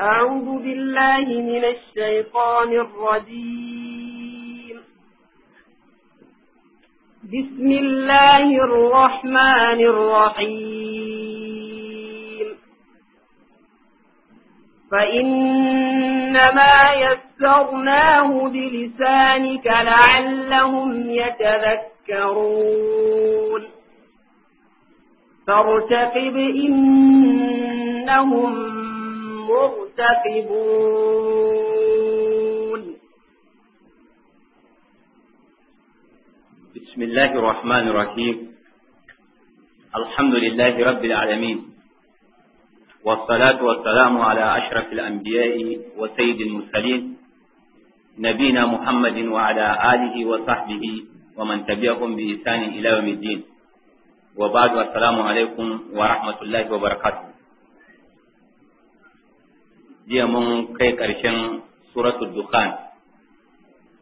أعوذ بالله من الشيطان الرجيم بسم الله الرحمن الرحيم فإنما يسرناه بلسانك لعلهم يتذكرون فارتقب إنهم مرتقون مرتقبون بسم الله الرحمن الرحيم الحمد لله رب العالمين والصلاة والسلام على أشرف الأنبياء وسيد المرسلين نبينا محمد وعلى آله وصحبه ومن تبعهم بإحسان إلى يوم الدين وبعد السلام عليكم ورحمة الله وبركاته jiya mun kai ƙarshen suratul dukhan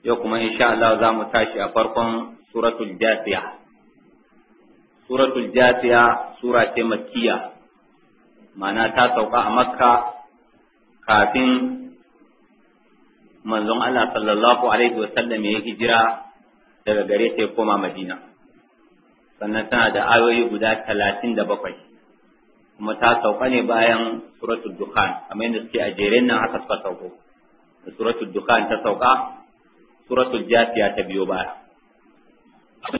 yau kuma insha Allah za mu tashi a farkon suratul jatiya suratul jatiya sura ce makkiya ma'ana ta sauka a makka kafin manzon Allah sallallahu alaihi wasallam ya hijira daga gare ta koma madina sannan tana da ayoyi guda talatin da bakwai kuma ta sauka ne bayan suratul dukhan kamar yadda suke a jeren nan aka suka sauko suratul dukhan ta sauka suratul jasiya ta biyo baya